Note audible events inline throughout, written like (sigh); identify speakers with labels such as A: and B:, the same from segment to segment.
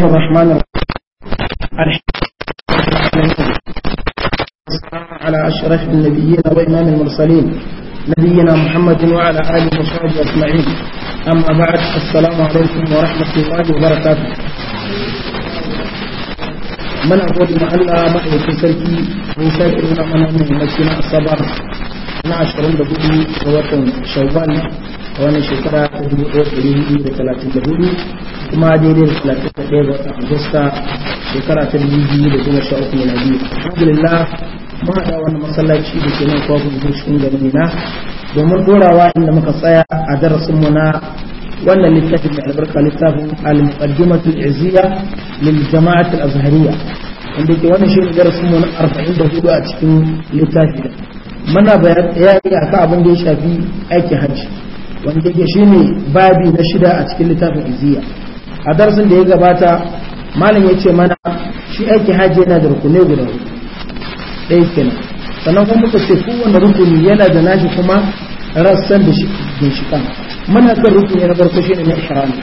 A: الرحمن الرحيم على أشرف النبيين وإمام المرسلين نبينا محمد وعلى آله وصحبه أجمعين أما بعد السلام عليكم ورحمة الله وبركاته من أقول ما ألا ما هو تسلكي وسلكي من أمام مسكين الصبر 12 دقيقة وقت شوال a wannan shekara ta dubu ɗaya ɗari da talatin da hudu kuma daidai da talatin da ɗaya ga agusta shekara ta dubu biyu da goma sha uku biyu. alhamdulillah mun haɗa wani masallaci da ke nan kwakwun zuwa cikin garin na domin dorawa inda muka tsaya a mu na wannan littafin da albarka littafin al-muqaddimatu al aziya lil jama'at al azhariya wanda ke wannan shine darasin mu na 44 a cikin littafi muna bayani akan abin da ya shafi aikin hajji wanda shi ne babi na shida a cikin littafin iziya a darasin da ya gabata malam ya ce mana shi aiki haji yana da rukuni guda ɗaya kenan sannan kuma muka ce kowane rukuni yana da nashi kuma rassan da shi ginshiƙan muna kan rukuni na farko ne na ihrami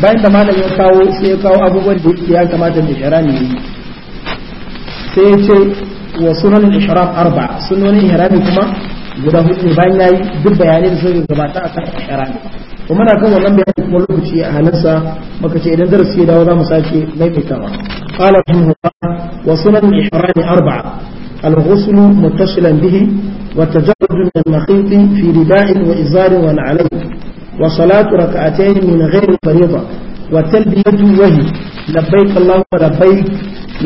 A: bayan da malam ya kawo sai ya kawo abubuwan da ya kamata da ihrami ne sai ya ce wa sunan ihram arba sunan ihrami kuma guda hudu ne bayan yayi duk bayanai da suka gabata a kan shara kuma na kan wannan bayani kuma lokaci a halinsa muka ce idan darasi ya dawo za mu sake maimaitawa qala rahimahullah wa sunan al-ihram arba'a al-ghusl muttasilan bihi wa tajarrud min al-makhit fi rida'in wa izarin wa alayhi wa salatu rak'atayn min ghairi fariida wa talbiyatu wahi labbaik allahumma labbaik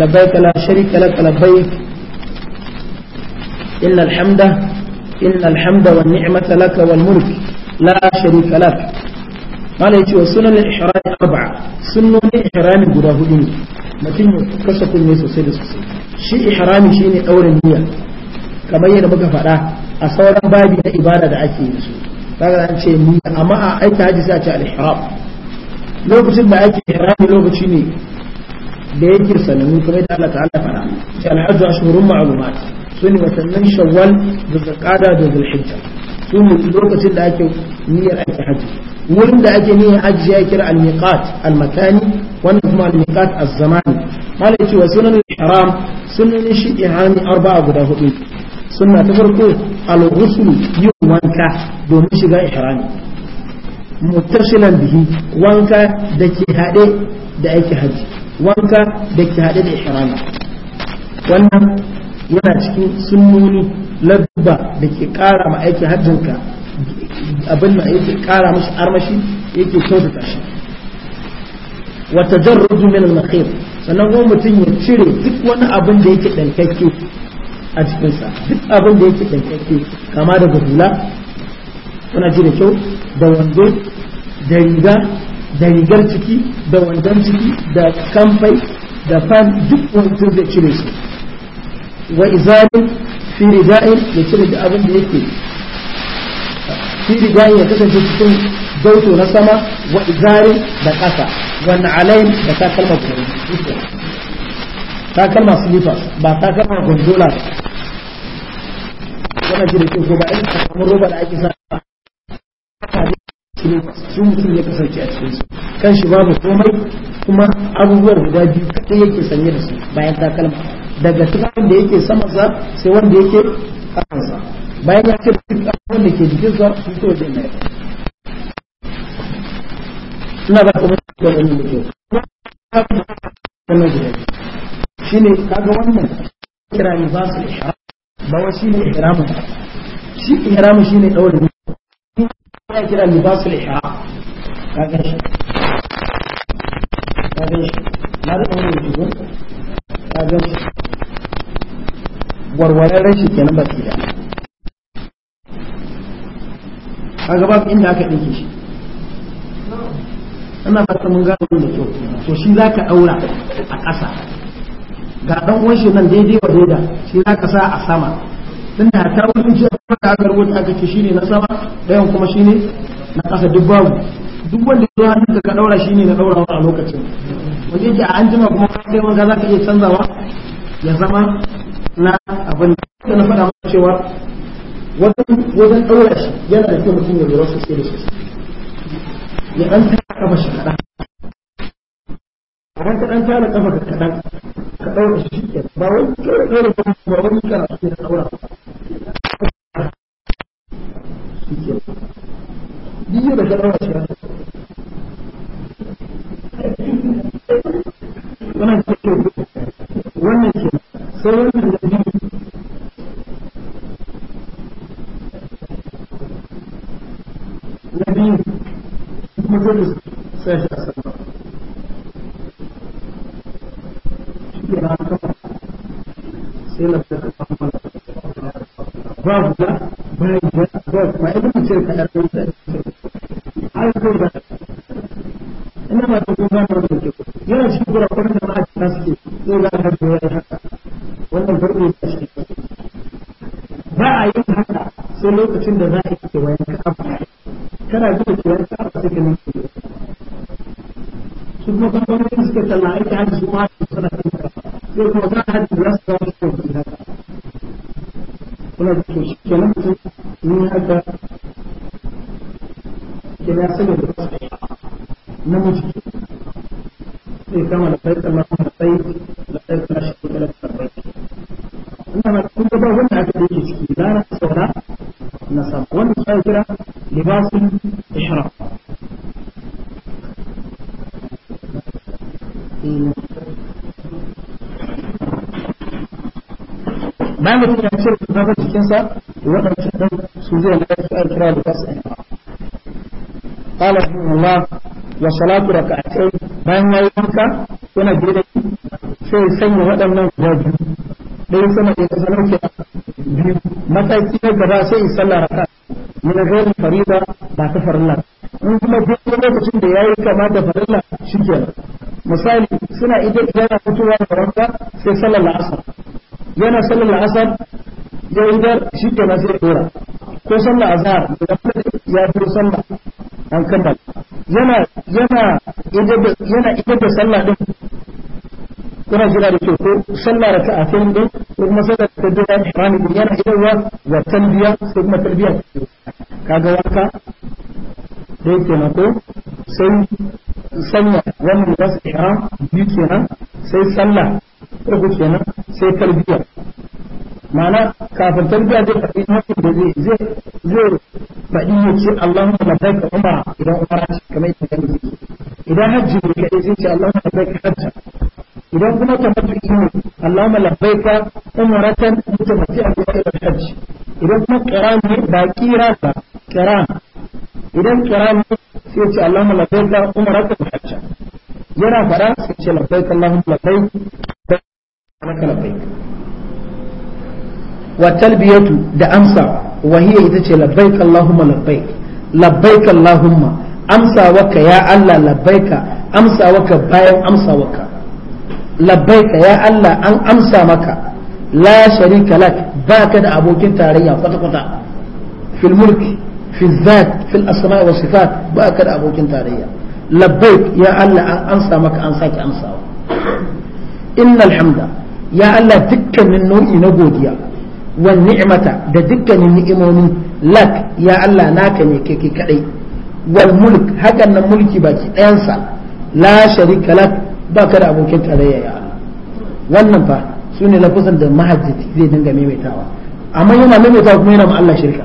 A: labbaik la sharika lak labbaik إن الحمد إن الحمد والنعمة لك والملك لا شريك لك قال يتي وسنن الإحرام أربعة سنن الإحرام قد هدني متين كشف الناس وسيد سوسي شيء إحرام شيء أول النية كما ينبغى فلا أصورا بابي إبادة أكيد kaga an ce ni amma a aika haji sai a ce al-ihram lokacin da ake ihrami lokaci ne da yake sanannu kamar da Allah ta'ala fara sai al-hajj ashhurun ma'lumat su ne watannin shawwal da zakada da zulhijja su ne lokacin da ake niyyar aiki hajji wurin da ake niyyar hajji ya kira al-miqat al-makani wannan kuma al-miqat az-zamani malai cewa sunan haram sunan shi ihami arba'a guda hudu sunna ta farko al-ghusl yin wanka domin shiga ihrami muttasilan bihi wanka da ke hade da aiki hajji wanka da ke hade da ihrami wannan yana cikin sunnoni labba da ke kara ma aikin hajjinka abin da yake kara mashi armashi yake kyautata shi wa tajarrudu min al-khair sannan wani mutum ya cire duk wani abin da yake dankakke a cikin sa duk abin da yake dankakke kama daga hula kuna ji da kyau da wando da riga da rigar ciki da wandon ciki da kamfai da fan duk wani zai cire shi. wa izalin fi rida'in ya cire da abin da yake fi rida'in ya kasance cikin dauto na sama wa izalin da ƙasa wa na'alain da takalma kuri takalma slippers ba takalma gondola ba wannan shi da ke ko ba irin takalmin roba da ake sa sun mutum ya kasance a cikinsu kan shi babu komai kuma abubuwan guda biyu kaɗai yake sanye da su bayan takalma daga cikin da yake samansa sai wanda yake kansa bayan ya ce duk da ke jikin sa su to zai mai ina ba da wani shi ne kaga wannan kira ne ba su isha ba wa shi ne ihramu shi ihramu shi ne ɗaure mutu ya kira ne ba su isha kaga shi kaga shi na da wani mutu kaga shi warware rashi kenan ba su a gaba babu inda aka ɗauke shi ana fata mun gano da kyau to shi za ka ɗaura a ƙasa ga ɗan uwan shi nan daidai wa daida shi za ka sa a sama tun da ta wurin a ka aka rubuta aka ce ne na sama ɗayan kuma shi ne na ƙasa duk babu duk wanda ya hannun ka ɗaura shi ne na ɗaura a lokacin wanda yake a an jima kuma kai wanga za ka iya canzawa ya zama na abin da na faɗa maka cewa wajen ɗaura shi yana da kyau mutum ya lura sosai da sosai ya ɗan tara kafa shi kaɗan a ran ka ɗan tara kafa ka kaɗan ka ɗaura shi shi ba wani ɗaura ɗaura ba ba wani kana
B: so ya ɗaura shi ke duk yadda ka ɗaura shi kaɗan wannan ke wannan ke sai wannan da biyu kuma zai musu sai shi a sama shi ke na kama sai na fita kama ba guda bayan guda ba kuma idan mutum ka yar kai da har zai ba
A: ina ba ta goma da
B: wanda ke yana cikin kurakuran da ma'a ta suke zai za a harbe wani haka wannan farko ta shi
A: ba a yin haka sai lokacin da za a yi kewayen kafa kana zuwa kiran sa ba sai kana su
B: su kuma kamar da suke talla ita hajji su ma su sana kan ka sai kuma za hajji za su kawo su kan ka kuna da to shi kenan mutum ni haka
A: kenan sai da su namiji sai kama da sai Allah da sai da sai da shi da sai إنما كل ده هنا أكيد يجي لا نسونا
B: نسب والنساء كده لباس
A: cikinsa waɗancan zai lafi alkira da kasa ina ƙala ma wa salatu bayan ya wanka yana gida sai sanya waɗannan guda biyu ɗaya sama da ya zama ke biyu mataki na gaba sai in sallah raka yana gani farida ba ta farilla in kuma duk lokacin da ya yi kama da farilla shi misali suna idan yana mutuwa da wanka sai sallar la'asar yana sallar la'asar ya shi ke nan sai ko sallah azhar da ya fi sallah an kammala yana yana yana idar da sallah din kuna jira da ke ko sallah da ta'atin din ko kuma sallah ta da rani din yana ita wa talbiya sai kuma talbiya kaga wanka dai ke mako sai sanya wanda za su ihram biyu kenan sai sallah uku kenan sai talbiya ma'ana kafin tarbiya zai faɗi haƙƙin da zai zai zai faɗi ya ce Allahumma labbaika umara idan umara ce kamar yadda kan yake idan hajji ne kadai zai ce Allahumma labbaika hajja idan kuma tamattu'i ne Allahumma labbaika umratan mutamatti'an bi ila hajji idan kuma qiran ne ba qira ba qiran idan qiran ne sai ce Allahumma labbaika umratan hajja yana fara sai ce labbaika Allahumma labbaika labbaika wa talbiyatu da amsa wa ita ce labbaik allahumma labbaik labbaik allahumma amsawaka ya Allah labbaika amsawaka bayan amsawaka labbaika ya Allah an amsa maka la sharika lak baka da abokin tarayya kwata kwata fil mulki fil zat fil asma wa sifat baka da abokin tarayya labbaik ya Allah an amsa maka an saki amsawa innal hamda ya Allah dukkanin nau'i na godiya wan ni'mata da dukkanin ni'imomi lak ya Allah naka ne kai kai kadai wal mulk hakan nan mulki baki ɗayansa la sharika lak ka da abokin tarayya ya Allah wannan fa sune lafazan da mahajjati zai dinga maimaitawa amma yana maimaitawa kuma yana ma Allah shirka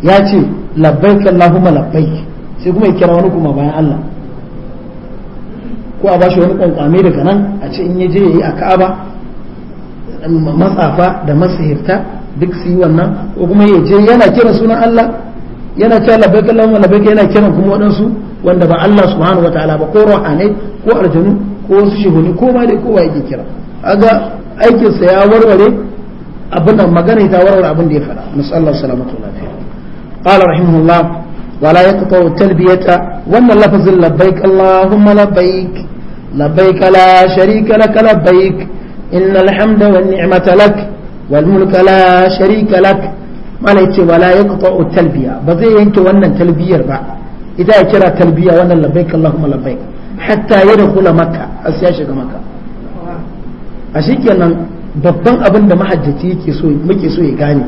A: ya ce labbaik Allahumma labbaik sai kuma ya kira wani kuma bayan Allah ko a bashi wani kwankwame daga nan a ce in ya je ya yi a Ka'aba matsafa da masihirta duk su yi wannan ko kuma ya je yana kiran sunan Allah yana cewa labbaik Allahumma labbaik yana kiran kuma waɗansu wanda ba Allah subhanahu wataala ba ko ruhanai ko aljanu ko wasu shihuni ko ma dai kowa yake kira aga aikin sa ya warware abin da magana ta warware abin da ya faɗa musallar salamatu lafiya qala rahimahullah wala yaqta'u talbiyata wannan lafazin labbaik Allahumma labbaik labbaik la sharika lak labbaik إن الحمد والنعمة لك والملك لا شريك لك ما ليتي ولا يقطع التلبية بزي ينكي وانا تلبية با إذا كرا تلبية وانا لبيك اللهم لبيك حتى يدخل مكة أسياشك مكة أشيك أن babban abin da mahajjaci yake so muke so ya gane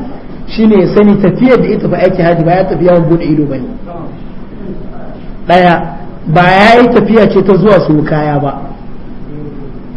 A: shine ya sani tafiyar da ita ba aiki haji ba ya tafiya wa bude ido bane daya ba ya tafiya ce ta zuwa su kaya ba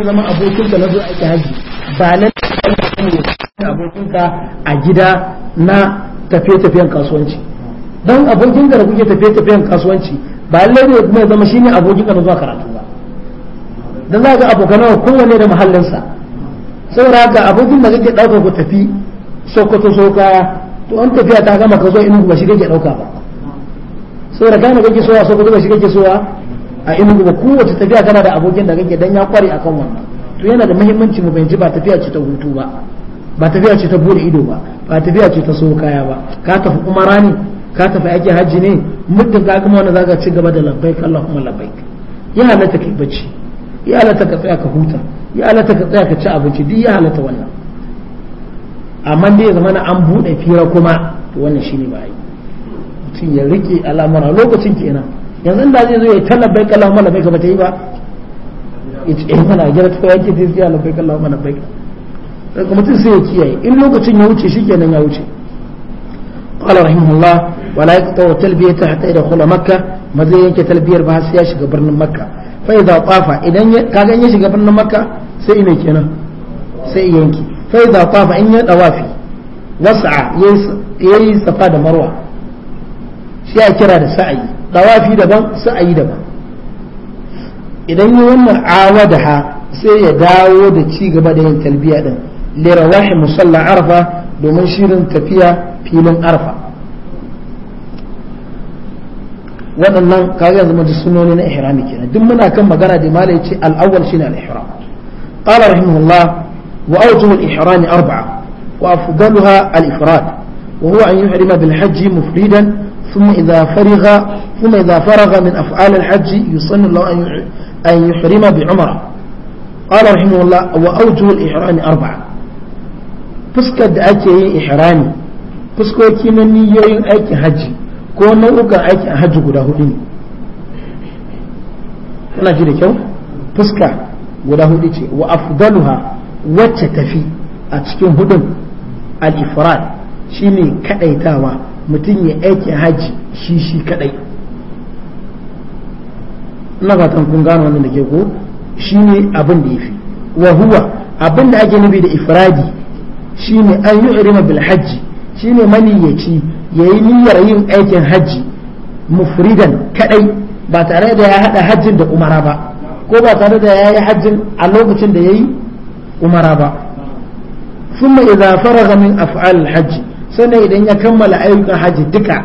A: ka zama abokinka na zo aiki haji ba nan abokinka a gida na tafiye-tafiyen kasuwanci don ka da kuke tafiye-tafiyen kasuwanci ba lallai ne kuma ya zama shine ka na zuwa karatu ba dan za ka abokan abokanawa kowanne da mahallinsa saboda ga abokin da kake dauka ku tafi sokoto soka to an tafiya ta gama ka zo in ba shi kake ɗauka ba
B: saboda kana kake
A: sowa sokoto ba shi kake sowa a inda kuma kowace tafiya tana da abokin da kake dan ya kware akan wannan to yana da muhimmanci mu fahimci ba tafiya ce ta hutu ba ba tafiya ce ta bude ido ba ba tafiya ce ta so kaya ba ka tafi umara ne ka tafi ake hajji ne muddin ka kuma wannan zaka ci gaba da labbaik Allahumma labbaik ya halatta kai bacci ya halatta ka tsaya ka huta ya halatta ka tsaya ka ci abinci duk ya halatta wannan amma dai ya zamana an bude fira kuma to wannan shine ba yi mutum ya rike al'amura lokacin kenan yanzu da zai zo ya ta labbai kallon mana bai ba ta yi ba ya ce eh mana gira tuka yake ta ziyara labbai kallon mana bai ka kuma tun sai ya kiyaye in lokacin ya wuce shi kenan ya wuce qala allah wa la yaqta wa talbiya ta hatta ila khula makka ma zai talbiyar ba sai ya shiga birnin makka fa idza tafa idan ka ga shiga birnin makka sai ina kenan sai yanki fa idza tafa in ya dawafi wasa yayi safa da marwa shi ya kira da sa'ayi dawafi daban sa'ayi daban idan yi wannan ha sai ya dawo da ci gaba da yin talbiya din lirawahi musalla arfa domin shirin tafiya filin arfa waɗannan kaga yanzu mun sunoni na ihrami kenan duk muna kan magana da malai yace al-awwal shine al-ihram qala rahimahullah wa awjuhu al-ihram arba'a wa afdaluha al-ifrad وهو أن يحرم بالحج مفردا ثم إذا فرغ ثم إذا فرغ من أفعال الحج يصن الله أن يحرم بعمرة قال رحمه الله وأوجه الإحرام أربعة فسكد أكي إحرامي fuskoki na niyoyin aikin hajji ko nau'ukan aikin hajji guda hudu ne kuna ji da kyau fuska guda hudu ce wa afdaluha wacce tafi a cikin hudun al-ifrad shine kadaitawa mutum ya aikin hajji shi shi kadai ina fatan kun gano wannan da ke ko shi ne abin da ya fi wa huwa abin da ake nufi da ifradi shi ne an yi irima bil hajji shi ne maniyyaci ya yi niyyar yin aikin hajji mufridan kadai ba tare da ya haɗa hajjin da umara ba ko ba tare da ya yi hajjin a lokacin da ya yi umara ba ثم إذا فرغ من أفعال الحج sai idan ya kammala ayyukan haji duka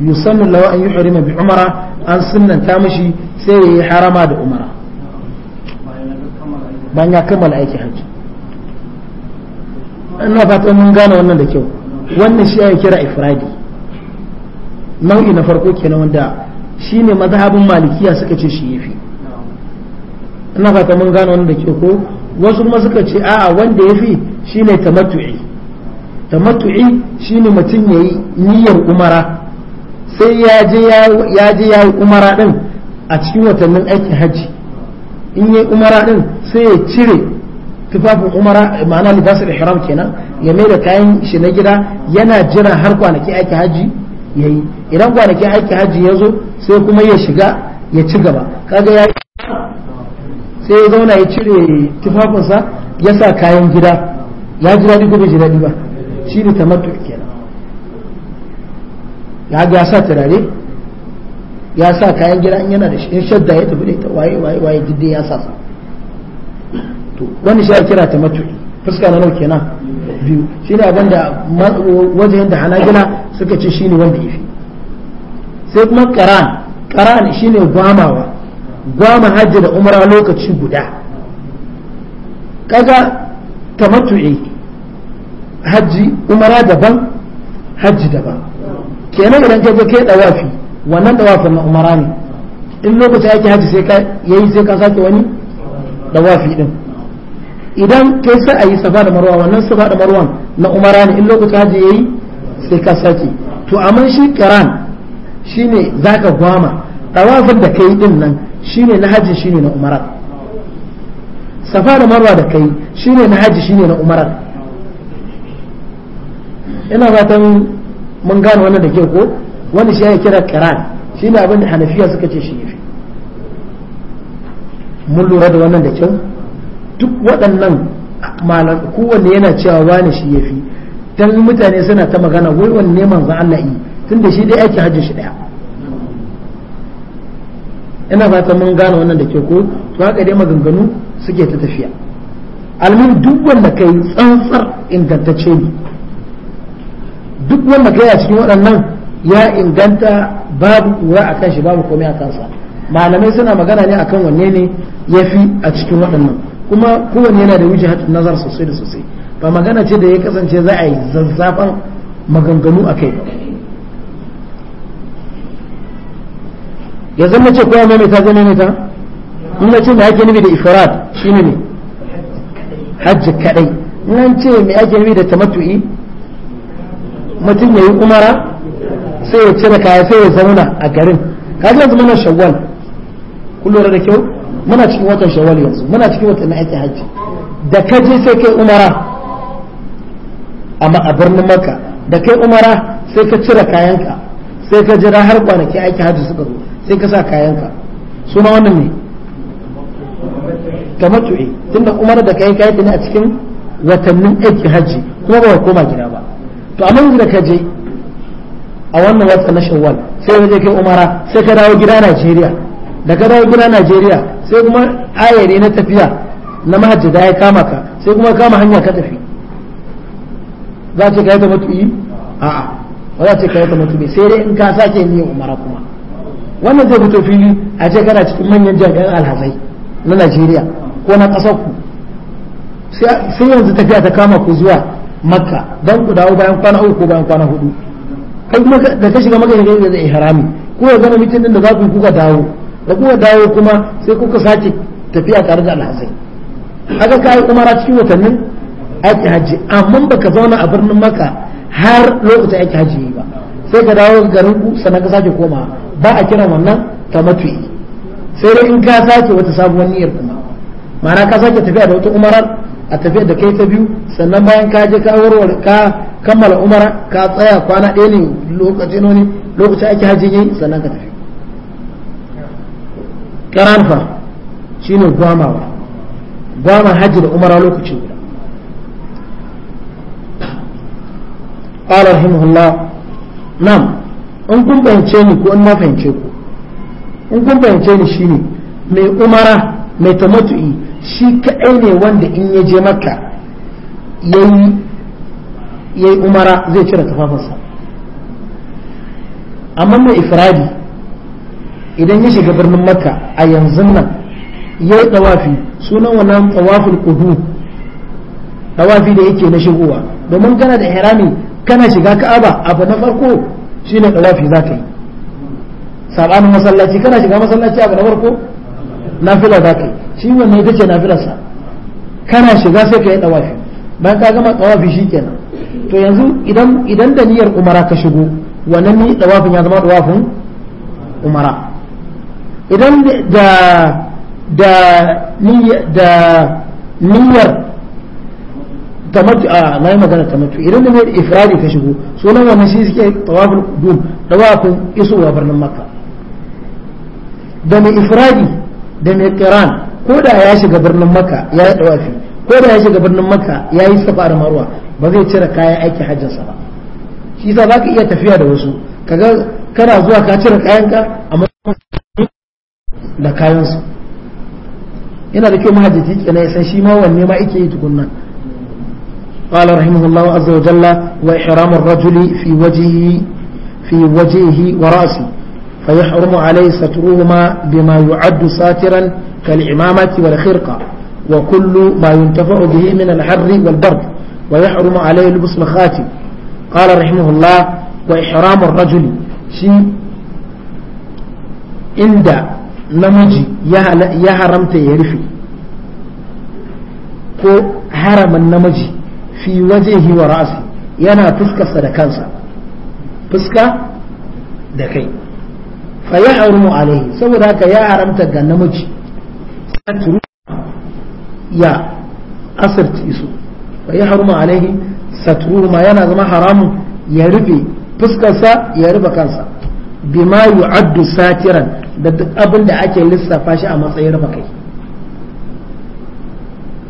A: yusannu lawa an yuhrima bi umara an sunnanta mishi sai ya yi harama da umara bayan ya kammala aikin haji ina fatan mun gane wannan da kyau wannan shi ya kira ifradi nau'i na farko kenan wanda shine mazhabin malikiya suka ce shi yafi ina fatan mun gane wannan da kyau ko wasu kuma suka ce a'a wanda yafi shine tamattu'i tamattu'i shine mutum yayi niyyar umara sai ya je ya je yayi umara din a cikin watannin aikin haji in yayi umara din sai ya cire tufafin umara ma'ana libasul ihram kenan ya mai da kayan shi na gida yana jira har kwanaki aikin haji yayi idan kwanaki aikin haji ya zo sai kuma ya shiga ya ci gaba kaga ya sai ya zauna ya cire tufafinsa ya sa kayan gida ya ji daɗi ko bai ji daɗi ba shi ne tamattu kenan ya ga sa turare ya sa kayan gida in yana da shi in shadda ya tafi da ita waye waye waye gidde ya sa to wani shi ya kira matu fuska na nauke kenan biyu shi ne abinda wajen da hanagila suka ce shi ne wanda ya fi sai kuma karan karan shi ne gwamawa gwama hajji da umara lokaci guda kaga tamattu'i hajji umara daban hajji daban kenan idan ka je kai dawafi wannan dawafin na umara ne in lokacin ake hajji sai ka yayi sai ka sake wani dawafi din idan kai sai ayi safa da marwa wannan safa da marwan na umara ne in lokacin hajji yayi sai ka sake to amma shi karan shine zaka gwama dawafin da kai din nan shine na hajji shine na umara safa da marwa da kai shine na hajji shine na umara ina fatan mun gane wannan da ke ko wani shi ya kira kiran shi ne abin da hanafiya suka ce shi yafi mun lura da wannan da kyau duk waɗannan malam kowanne yana cewa wani shi yafi dan mutane suna ta magana wai wanne manzon Allah yi tunda shi dai yake hajji shi daya ina fatan mun gane wannan da ke ko to haka dai maganganu suke ta tafiya almin duk wanda kai tsantsar ingantacce ne duk wanda gaya cikin waɗannan ya inganta babu kura a kanshi babu komai a kansa malamai suna magana ne akan wanne ne ya fi a cikin waɗannan kuma kowanne yana da wuce hatun nazar sosai da sosai ba magana ce da ya kasance za a yi zazzafan maganganu a kai ya zama ce kowa maimaita zai maimaita in na ce me ake nufi da ifrad shine ne hajji kadai in ce me ake nufi da tamattu'i mutum ya yi umara sai ya cire kaya sai ya zauna a garin kaji yanzu muna shawwal kun da kyau muna cikin watan shawwal yanzu muna cikin watan na aiki hajji da ka sai kai umara amma a birnin maka da kai umara sai ka cire kayanka sai ka jira har kwanaki aiki hajji suka zo sai ka sa kayanka suna wannan ne ga tamattu'i tunda umara da kayan kayan ne a cikin watannin aiki hajji kuma ba koma gida ba to amma da ka je a wannan wata na shawwal sai ka je kai umara sai ka dawo gida Najeriya da ka dawo gida Najeriya sai kuma ne na tafiya na mahajjada ya kama ka sai kuma kama hanya ka tafi za ce ka yi ta mutu'i a'a ba za ce ka yi ta mutu'i sai dai in ka sake yin umara kuma wannan zai fito fili a ce kana cikin manyan jami'an alhazai na Najeriya ko na ƙasar ku sai yanzu tafiya ta kama ku zuwa makka don ku dawo bayan kwana uku ko bayan kwana hudu kai kuma da ka shiga maka shiga zai harami ko ya zama mitin din da za ku kuka dawo da kuka dawo kuma sai kuka sake tafiya tare da alhazai haka ka yi umara cikin watannin aiki hajji amma ba ka zauna a birnin Makka har lokacin aiki hajji ba sai ka dawo garin ku sannan ka sake koma ba a kiran wannan ta tamatu'i sai dai in ka sake wata sabuwar niyyar kuma ma'ana ka sake tafiya da wata umarar a tafiya da kai ta biyu sannan bayan ka je ka warware ka kammala umara ka tsaya kwana ɗaya ne lokacin wani lokacin ake hajji yayi sannan ka tafi karanfa shine gwamawa gwama hajji da umara lokacin guda قال رحمه الله نعم in kun fahimce ni ko in na fahimce ku in kun fahimce ni shine mai umara mai tamatu'i shi kaɗai ne wanda in ya je maka ya yi umara zai cire tufafinsa amma mai ifradi idan ya shiga birnin maka a yanzu nan ya yi ɗawafi sunan wannan tsawafin kudu ɗawafi da yake na shigowa domin kana da hirami kana shiga ka'aba abu na farko shine ɗawafi za ka yi sabanin masallaci kana shiga masallaci abu na farko na fila za ka yi shi wannan ita ce nafilarsa kana shiga sai ka yi dawafi bayan ka gama shi kenan to yanzu idan idan da niyyar umara ka shigo wannan ni dawafin ya zama dawafin umara idan da da da niyyar tamattu a na yi magana tamattu idan da niyyar ifradi ka shigo sunan wannan shi suke tawafin dun dawafin isowa birnin makka da mai ifradi da mai kiran ko da ya shiga birnin maka ya yi dawafi ko da ya shiga birnin maka ya yi safa da marwa ba zai cire kayan aiki hajjinsa ba shi yasa za ka iya tafiya da wasu kaga kana zuwa ka cire kayanka amma da kayansu yana da kyau mahajjaci kenan ya san shi ma wanne ma yake yi tukunna قال رحمه الله عز وجل وإحرام الرجل في وجهه في وجهه ورأسه فيحرم عليه سترهما بما يعد ساترا كالعمامة والخرقة وكل ما ينتفع به من الحر والبرد ويحرم عليه لبس الخاتم قال رحمه الله وإحرام الرجل شيء عند نمجي ya haramta تيرفي كو هرم النمجي في وجهه ورأسه ينا ra'asi yana fuskarsa da kansa fa ya alaihi saboda haka ya haramta ga namiji satru ya asirci su fa ya alaihi satru ma yana zama haramun ya rufe fuskarsa ya rufe kansa bima yu'addu satiran da duk abin da ake lissafa shi a matsayin rufe kai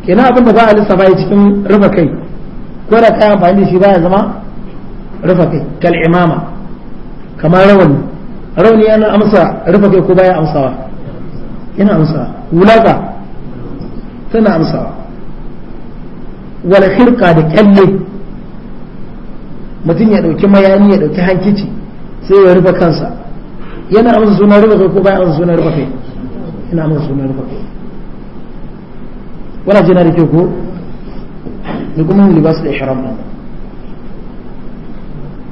A: kenan abin da ba a lissafa shi cikin rufe kai ko da kayan amfani da shi ba ya zama rufe kai kal imama kamar rawani rauni yana amsa rufe kai ko baya amsawa yana amsa wulaka tana amsawa wala khirka da kyalle mutum ya dauki mayani ya dauki hankici sai ya rufe kansa yana amsa sunan rufe kai ko baya amsa sunan rufe kai yana amsa sunan rufe kai wala jina da kyau ko ni kuma libas da ihram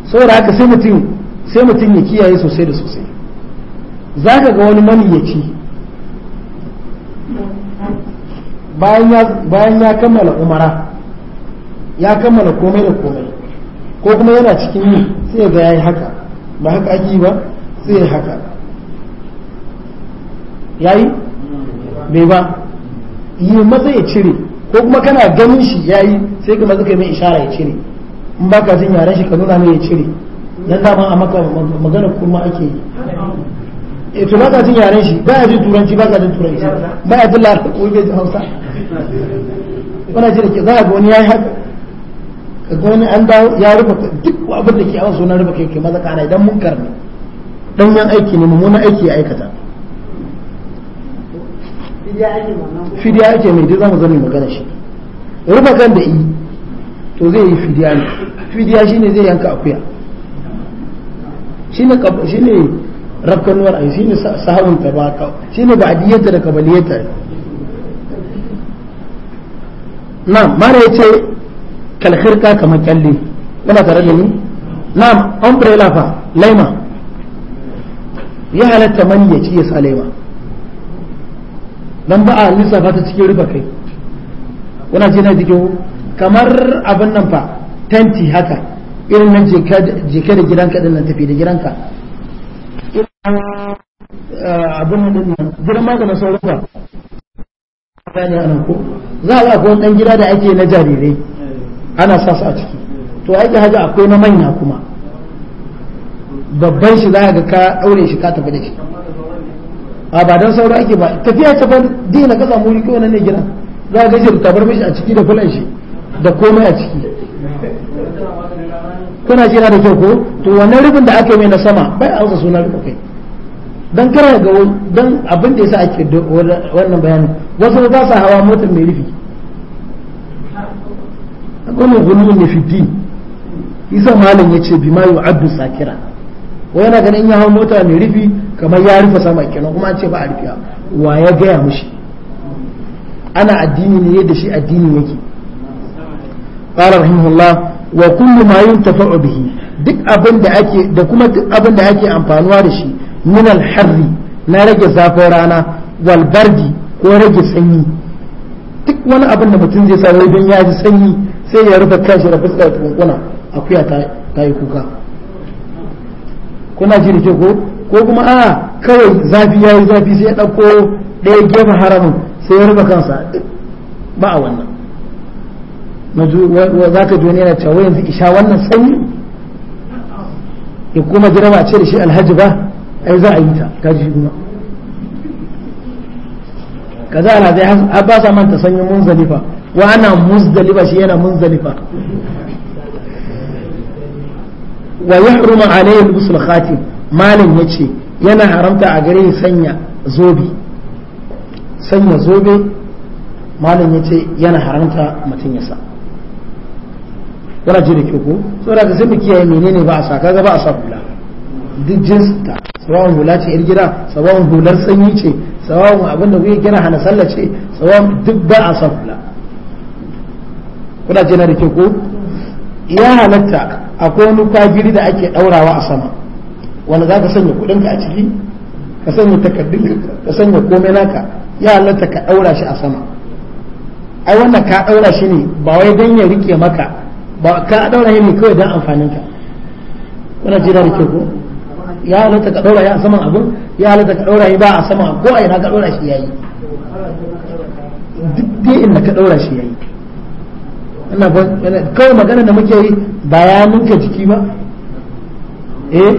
A: saboda haka sai mutum sai mutum ya kiyaye sosai da sosai za ka ga wani maniyaci bayan ya kammala umara ya kammala komai da komai ko kuma yana cikin yi sai ga ya yi haka ba haka ake ba sai ya haka ya yi mai ba yi matsa ya cire ko kuma kana ganin shi ya yi sai ka matsa ka mai ishara ya cire in ba ka jin yaren shi ka nuna mai ya cire dan daman a maka magana kuma ake yi e to baka jin yaren shi ba ya jin turanci baka jin turanci ba ya jin larabci ko bai jin hausa wani shi da ke za ga wani ya yi haka ka ga wani an dawo ya rufe duk abin da ke awa sunan rufe kai ke maza kana idan mun karni dan yan aiki ne mummunan aiki ya aikata
B: fidiya ake mai
A: dai zamu zama magana shi rufe kan da yi to zai yi fidiya ne fidiya shine zai yanka akuya shine shine rakkanuwar ai shine sahawun ta ba ka shine ba'diyata da kabaliyata na mara yace kal khirka kamar kyalle kana tare da ni na umbrella fa laima ya halatta man ya ci ya sa laima dan ba a lissafa ta cikin riba kai wannan ce na jikin kamar abin nan fa tanti haka irin nan jika da gidanka din nan tafi da gidanka abin eh, nan gidan maganin sauranka za a ga wani dan gida da ake na jarirai ana sa su a ciki to ake haji akwai na manya kuma babban shi za ga ka aure shi ka tafi da shi a ba don sauran ake ba tafiya ta ban dina ka samu wuri kawai nan ne gina za a gajiyar da tabar mishi a ciki da fulan shi da komai a
B: ciki kana jira da kyau ko
A: to wannan rufin da aka yi na sama bai an suna rufe kai dan kara ga dan abin da yasa ake wannan bayani wasu ba sa hawa motar mai rufi akwai gulmun ne fiti isa malam yace bi ma yu'addu sakira wai yana ganin ya hawa mota mai rufi kamar ya rufe sama kenan kuma an ce ba a rufiya wa ya gaya mushi ana addini ne yadda shi addini yake قال رحمه wa kullu ma yuntafa'u bihi duk abin da ake da kuma duk abin da ake amfanuwa da shi min harri na rage zafin rana wal bardi ko rage sanyi duk wani abin da mutum zai sa don ya ji sanyi sai ya rufe kanshi da fuskar tukunkuna akuya ta yi kuka kuna ji da ke ko ko kuma a kawai zafi ya yi zafi sai ya ɗauko ɗaya gefen haramin sai ya rufe kansa ba a wannan za ka wani yana cewa yanzu isha wannan sanyi ya kuma jira ba ce da shi alhaji ba ai za a yi ta kaji shi kuma kaza ana zai har ba sa manta sanyin munzalifa wa ana muzdalifa shi yana mun munzalifa wa yahrumu alayhi al-ghusl khatim malam ce yana haramta a gare sanya zobe sanya zobe malam yace yana haramta mutun ya sa kana ji da ke ko saboda ka sai mu kiyaye menene ba a sa kaga ba a sa hula duk jinsin ta sawawan hula ce yar gida sawawan hular sanyi ce sawawan abin da kuke kira hana sallah ce sawawan duk ba a sa hula kuna ji na da ke ko ya halatta akwai wani kwagiri da ake daurawa a sama wanda za ka sanya ka a ciki ka sanya takardun ka sanya komai naka ya halatta ka daura shi a sama ai wannan ka daura shi ne ba wai dan ya rike maka ba ka daura ne kawai da amfanin ka kana ji da kike ko
B: ya halatta ka daura ya saman abu
A: ya halatta ka daura ba a saman ko a ina ka daura shi yayi duk dai inda ka daura shi yayi ina ba kawai magana da muke yi bayanin ka jiki ba eh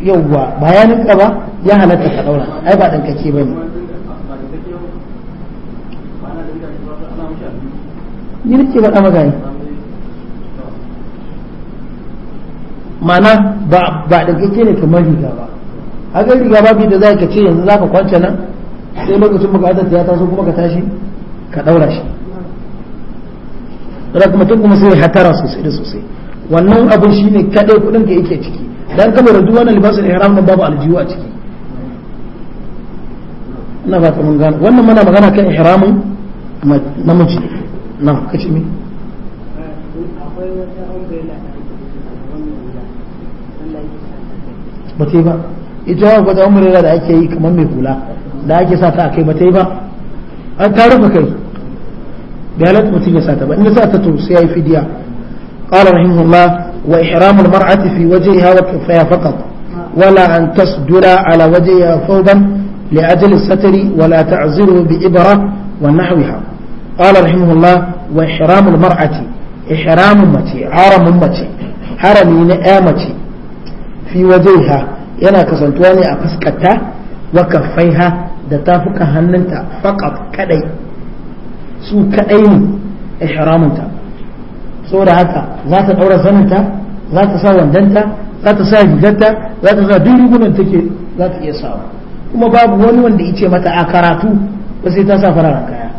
A: yawwa bayanin ka ba ya halatta ka daura ai ba dan kake bane ni nake ba magana ma'ana ba da kake ne kamar riga ba haka riga ba bi da za ka ce yanzu za ka kwance nan sai lokacin bukatar ta ya taso kuma ka tashi ka ɗaura shi da kuma tun kuma sai hatara sosai da sosai wannan abin shine kadai kudin ka yake ciki dan da duk wannan libasin ihram nan babu aljiwa a ciki
B: ina ba ta mun gane wannan muna magana kan ihramin
A: namiji na kace me eh,
B: akwai wata
A: ba ta yi ba ita yawan da ake yi kamar mai hula da ake sa ta a kai ba an ta rufe kai da yalat sa ta ba inda sa ta to sai ya yi fidiya ƙala rahimullah wa ihram al-mar'ati fi wajhiha wa kaffaha wala an tasdura ala wajhiha fawdan li ajli satri wala ta'ziru bi ibra wa nahwiha qala rahimahullah wa ihram al-mar'ati ihram mace haramun mace harami na ya mace fi wajhiha yana kasantuwa ne a fuskarta wa kafaiha da tafukan hannunta faqat kadai su kadai ne ihraminta saboda haka za ta daura zaninta za ta sa wandanta za ta sa rigarta za ta sa duk rigunan take za ta iya sawa kuma babu wani wanda ya ce mata a karatu ba sai ta sa fararen kaya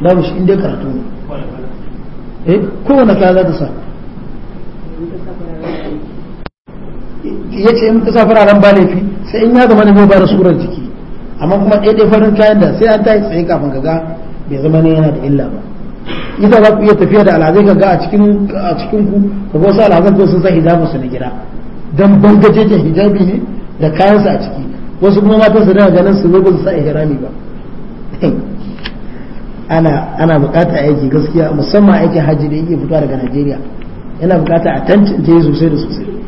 A: babu shi inda karatu ne eh kowane kaya za ta sa
B: ya ce in ka fararen ba laifi
A: sai in ya zama na ba da surar jiki amma kuma ɗaya farin kayan da sai an yi tsaye kafin ka ga bai zama ne yana da illa ba ita za ku iya tafiya da alhazai ka ga a cikin a cikin ku ka ga wasu alhazan ko sun sa hijabu su na gida dan bangaje ke hijabi ne da kayan su a ciki wasu kuma matan su daga ganin su ne ba su sa ihrami ba (laughs) ana ana bukata aiki gaskiya musamman aikin hajji da yake fitowa daga Najeriya yana bukata a tantance sosai da sosai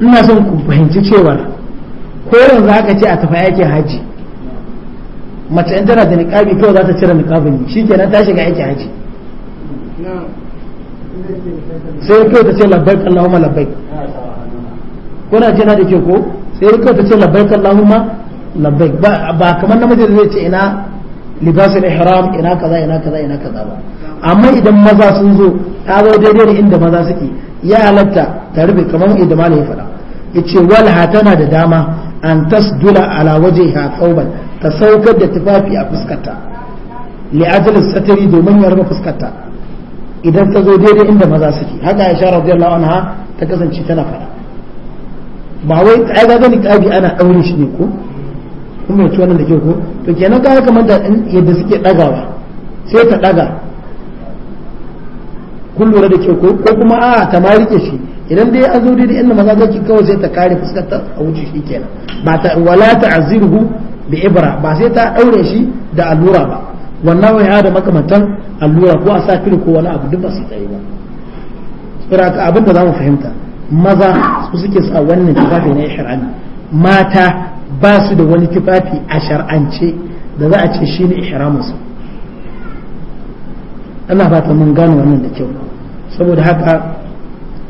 A: ina son ku fahimci cewar ko yanzu ka ce a tafi aikin haji mace in tana da niƙabi kawai za ta cire niƙabin ne shi kenan ta shiga aikin haji
B: sai kawai ta ce labbaik Allahumma labbaik
A: kuna jina da ke ko sai kawai ta ce kallahu ma labbaik ba kamar namiji da zai ce ina libasin ihram ina kaza ina kaza ina kaza ba amma idan maza sun zo ka zo daidai da inda maza suke ya halatta ta rufe kamar yadda malami ya faɗa ce walha tana da dama an tasdula ala waje ha tsoban ta saukar da tufafi a fuskarta li satari domin ya rufe fuskarta idan ta zo daidai inda maza suke haka Aisha radiyallahu ha ta kasance tana faɗa ba wai ai ga gani kabi ana aure shi ne ko kuma ya ci wannan da ke ko to kenan ka kamar da yadda suke dagawa sai ta daga kun lura da ke ko kuma a ta ma rike shi idan dai an zo dai inda maza zaki kawai sai ta kare fuskar ta a wuce shi kenan ba ta wala ta'ziruhu bi ibra ba sai ta daure shi da allura ba wannan wai da makamantan allura ko a sa ko wani abu duk ba su tsaye ba saboda ka abin da zamu fahimta maza su suke sa wannan tufafi na shar'ani mata ba su da wani tufafi a shar'ance da za a ce shine ihramusu ana fata mun gane wannan da kyau saboda haka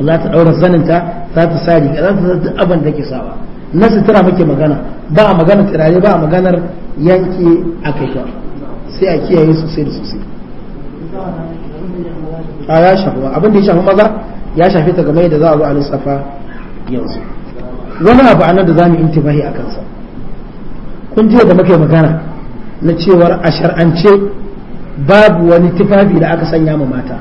A: za ta daura zaninta za ta sari ka za ta zata abin da ke sawa na sutura muke magana ba a maganar turare ba a maganar yanke a kai ba sai a kiyaye sosai da sosai a ya shafi ba abin da ya shafi maza ya shafi ta game da za a zo a lissafa yanzu wani abu a nan da za mu intibahi a kansa kun jiya da muke magana na cewar a shar'ance babu wani tufafi da aka sanya ma mata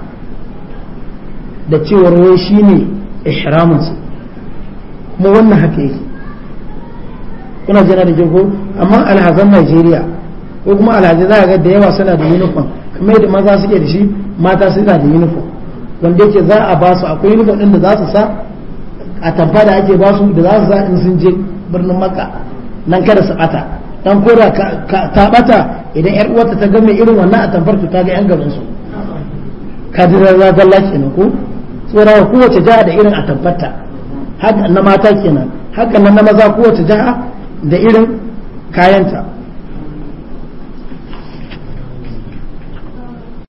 A: da cewar wai shi ne su kuma wannan haka yake kuna jana da jago amma alhazan Najeriya ko kuma alhazai za a ga da yawa suna da uniform kuma yadda maza suke da shi mata suna da uniform wanda yake za a ba su akwai uniform din da za su sa a tamfa da ake ba su da za su sa in sun je birnin maka nan kada su bata dan kora ta bata idan yar uwarta ta ga mai irin wannan a tamfar ta ga yan gaban su kadirar zagalla kenan ko tsorawa kowace jiha da irin a tabbata na mata kenan haka na maza kowace jiha da irin kayanta